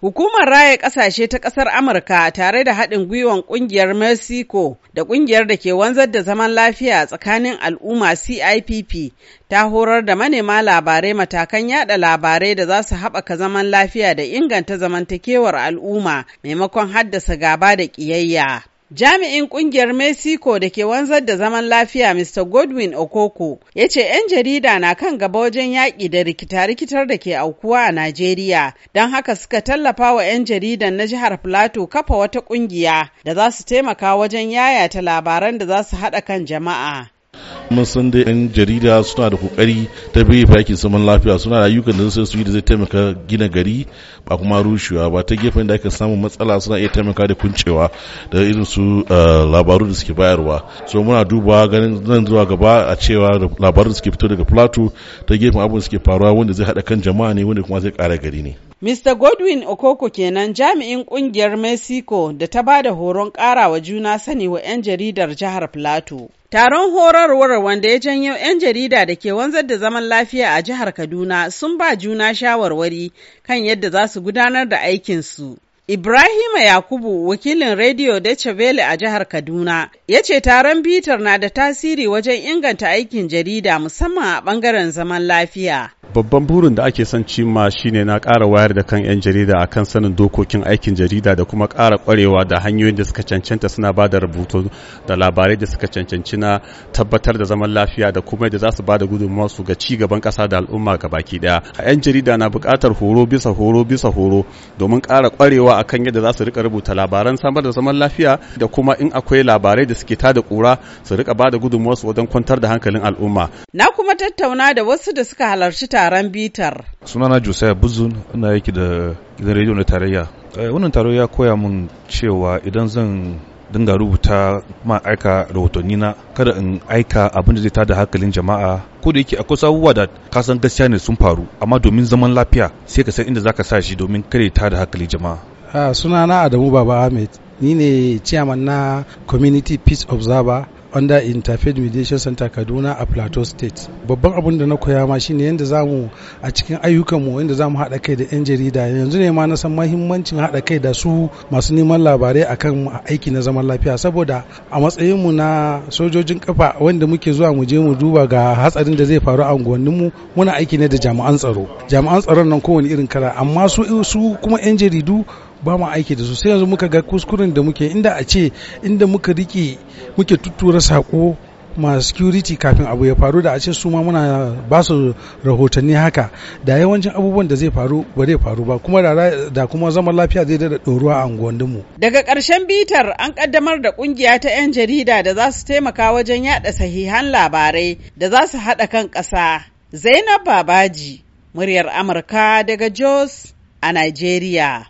Hukumar Raya Ƙasashe ta ƙasar Amurka tare da haɗin gwiwan ƙungiyar Mexico da ƙungiyar da ke wanzar da zaman lafiya tsakanin al'umma CIPP ta horar da manema labarai matakan yada labarai da za su haɓaka zaman lafiya da inganta zamantakewar al'umma maimakon haddasa gaba da ƙiyayya. Jami'in kungiyar Mexico da ke wanzar da zaman lafiya Mr. Godwin Okoko ya ce 'yan jarida na kan gaba wajen yaƙi da rikita-rikitar da ke aukuwa a Najeriya don haka suka tallafa wa 'yan jaridan na jihar Plateau kafa wata ƙungiya da za su taimaka wajen yayata labaran da za su haɗa kan jama'a. mun san dai yan jarida suna da kokari ta bai fakin saman lafiya suna da ayyukan da zai su yi da zai taimaka gina gari ba kuma rushewa ba ta gefen da aka samu matsala suna iya taimaka da kuncewa da irin su eh, labaru da suke bayarwa so muna duba ganin nan zuwa gaba a cewa labarun da suke fito daga plateau ta gefen abin suke faruwa wanda zai hada kan jama'a ne wanda kuma zai kara gari ne Mr. Godwin Okoko kenan jami'in kungiyar Mexico da ta ba da horon karawa juna sani wa 'yan jaridar jihar Plateau. Taron horarwar wanda ya janyo 'yan jarida da ke wanzar da zaman lafiya a jihar Kaduna sun ba juna shawarwari kan yadda za su gudanar da aikinsu. Ibrahima Yakubu wakilin Radio Deutsche a jihar Kaduna ya ce taron bitar na da tasiri wajen inganta aikin jarida musamman a bangaren zaman lafiya. babban burin da ake son cimma shine na ƙara wayar da kan 'yan jarida a kan sanin dokokin aikin jarida da kuma ƙara ƙwarewa da hanyoyin da suka cancanta suna ba da rubutu da labarai da suka cancanci na tabbatar da zaman lafiya da kuma yadda za su ba da gudunmawa su ga ci gaban ƙasa da al'umma ga baki ɗaya a 'yan jarida na buƙatar horo bisa horo bisa horo domin ƙara ƙwarewa kan yadda za su rika rubuta labaran samar da zaman lafiya da kuma in akwai labarai da suke tada ƙura su rika ba da gudunmawa su wajen kwantar da hankalin al'umma na kuma tattauna da wasu da suka halarci taron bitar. Sunana Josiah Buzun ina yake da gidan rediyo na tarayya. Eh, wannan taron ya koya mun cewa idan zan dinga rubuta ma aika rahotanni na kada in aika abin da zai tada hankalin jama'a ko da yake akwai abubuwa da kasan gaskiya ne sun faru amma domin zaman lafiya sai ka san inda zaka sa shi domin kare tada hankalin jama'a. Ah, sunana Adamu Baba Ahmed ni ne chairman na Community Peace Observer under interfaith mediation center kaduna a plateau state babban abun da na koya ma shine yadda za mu a cikin ayyukanmu yadda za mu haɗa kai da 'yan jarida yanzu ne ma na san mahimmancin haɗa kai da su masu neman labarai akan aiki na zaman lafiya saboda a matsayinmu na sojojin kafa wanda muke zuwa mu je mu duba ga hatsarin da zai faru a unguwanninmu muna aiki ne da jami'an tsaro jami'an tsaron nan kowane irin kala amma su su kuma 'yan jaridu ba mu aiki da su sai yanzu muka ga kuskuren da muke inda a ce inda muka rike muke tuttura sako ma security kafin abu ya faru da a ce su ma muna ba su rahotanni haka da yawancin abubuwan da zai faru ba zai faru ba kuma da, kuma zaman lafiya zai dada ɗoruwa a unguwanninmu. daga ƙarshen bitar an kaddamar da kungiya ta 'yan jarida da za su taimaka wajen yada sahihan labarai da za su haɗa kan ƙasa zainab babaji muryar amurka daga jos a nigeria